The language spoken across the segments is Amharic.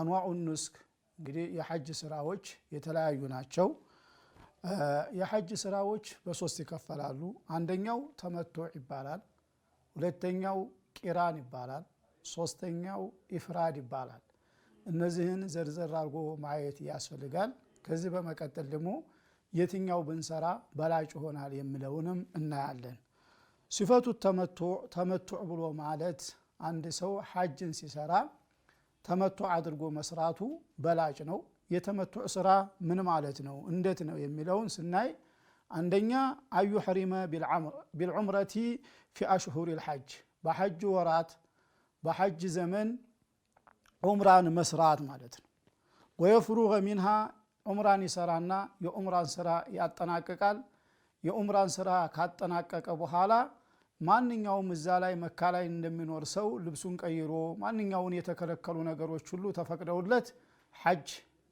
አንዋዑ ኑስክ እንግዲህ የሐጅ ስራዎች የተለያዩ ናቸው። የሐጅ ስራዎች በሶስት ይከፈላሉ። አንደኛው ተመቶዕ ይባላል። ሁለተኛው ቂራን ይባላል። ሶስተኛው ኢፍራድ ይባላል። እነዚህን ዘርዘር አድርጎ ማየት ያስፈልጋል። ከዚህ በመቀጠል ደግሞ የትኛው ብንሰራ በላጭ ይሆናል የሚለውንም እናያለን። ሲፈቱ ተመቶ ተመቶዕ ብሎ ማለት አንድ ሰው ሐጅን ሲሰራ ተመቶ አድርጎ መስራቱ በላጭ ነው። የተመቶ ስራ ምን ማለት ነው፣ እንዴት ነው የሚለውን ስናይ አንደኛ አዩ ሕሪመ ቢልዑምረቲ ፊ አሽሁር ልሐጅ በሐጅ ወራት በሐጅ ዘመን ዑምራን መስራት ማለት ነው። ወየፍሩገ ሚንሃ ዑምራን ይሰራና የዑምራን ስራ ያጠናቅቃል። የዑምራን ስራ ካጠናቀቀ በኋላ ማንኛውም እዛ ላይ መካ ላይ እንደሚኖር ሰው ልብሱን ቀይሮ ማንኛውን የተከለከሉ ነገሮች ሁሉ ተፈቅደውለት ሐጅ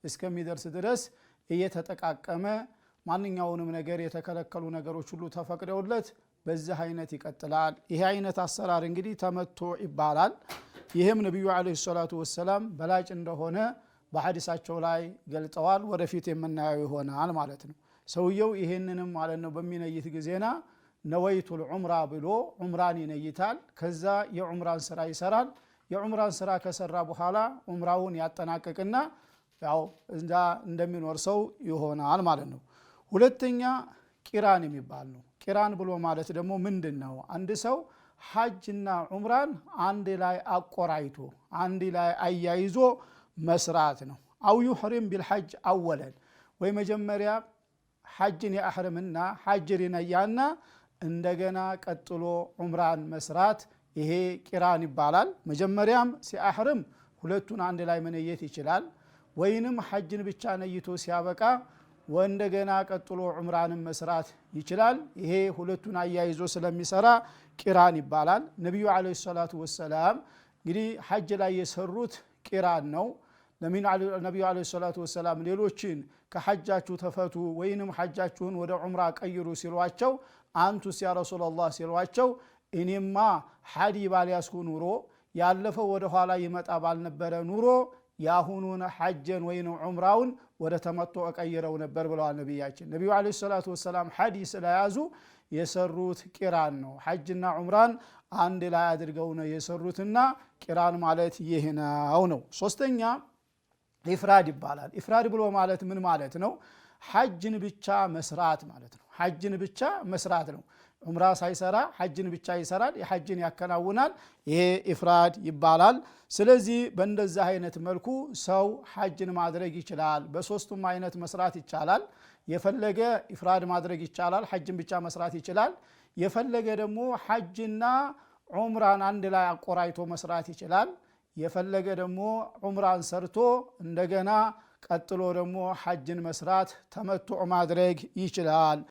እስከሚደርስ ድረስ እየተጠቃቀመ ማንኛውንም ነገር የተከለከሉ ነገሮች ሁሉ ተፈቅደውለት በዚህ አይነት ይቀጥላል። ይሄ አይነት አሰራር እንግዲህ ተመቶ ይባላል። ይህም ነቢዩ ዓለይሂ ሰላቱ ወሰላም በላጭ እንደሆነ በሐዲሳቸው ላይ ገልጠዋል። ወደፊት የምናየው ይሆናል ማለት ነው። ሰውየው ይህንንም ማለት ነው በሚነይት ጊዜና ነወይቱል ዑምራ ብሎ ዑምራን ይነይታል። ከዛ የዑምራን ስራ ይሰራል። የዑምራን ስራ ከሰራ በኋላ ዑምራውን ያጠናቅቅና ያው እንዳ እንደሚኖር ሰው ይሆናል ማለት ነው። ሁለተኛ ቂራን የሚባል ነው። ቂራን ብሎ ማለት ደግሞ ምንድን ነው? አንድ ሰው ሐጅና ዑምራን አንድ ላይ አቆራይቶ አንድ ላይ አያይዞ መስራት ነው። አው ዩሕሪም ቢልሐጅ አወለን ወይ መጀመሪያ ሐጅን ያሕርምና ሐጅ ሪነያና እንደገና ቀጥሎ ዑምራን መስራት ይሄ ቂራን ይባላል። መጀመሪያም ሲያሕርም ሁለቱን አንድ ላይ መነየት ይችላል። ወይንም ሐጅን ብቻ ነይቶ ሲያበቃ ወእንደገና ቀጥሎ ዑምራንም መስራት ይችላል። ይሄ ሁለቱን አያይዞ ስለሚሰራ ቂራን ይባላል። ነቢዩ ዓለይሂ ሰላቱ ወሰላም እንግዲህ ሐጅ ላይ የሰሩት ቂራን ነው። ነቢዩ አለ ሰላቱ ወሰላም ሌሎችን ከሐጃችሁ ተፈቱ ወይንም ሐጃችሁን ወደ ዑምራ ቀይሩ ሲሏቸው አንቱስ ያ ረሱላላህ ሲሏቸው እኔማ ሐዲ ባልያዝኩ ኑሮ ያለፈው ወደ ኋላ ይመጣ ባልነበረ ኑሮ የአሁኑን ሐጀን ወይም ዑምራውን ወደ ተመቶ እቀይረው ነበር ብለዋል ነቢያችን። ነቢዩ አለ ሰላቱ ወሰላም ሐዲ ስለያዙ የሰሩት ቂራን ነው። ሐጅና ዑምራን አንድ ላይ አድርገው ነው የሰሩትና ቂራን ማለት ይህ ነው ነው ሶስተኛ ኢፍራድ ይባላል። ኢፍራድ ብሎ ማለት ምን ማለት ነው? ሐጅን ብቻ መስራት ማለት ነው። ሐጅን ብቻ መስራት ነው። ዑምራ ሳይሰራ ሐጅን ብቻ ይሰራል፣ የሐጅን ያከናውናል። ይሄ ኢፍራድ ይባላል። ስለዚህ በእንደዚህ አይነት መልኩ ሰው ሐጅን ማድረግ ይችላል። በሶስቱም አይነት መስራት ይቻላል። የፈለገ ኢፍራድ ማድረግ ይቻላል፣ ሐጅን ብቻ መስራት ይችላል። የፈለገ ደግሞ ሐጅና ዑምራን አንድ ላይ አቆራይቶ መስራት ይችላል። የፈለገ ደግሞ ዑምራን ሰርቶ እንደገና ቀጥሎ ደግሞ ሐጅን መስራት ተመቱዕ ማድረግ ይችላል።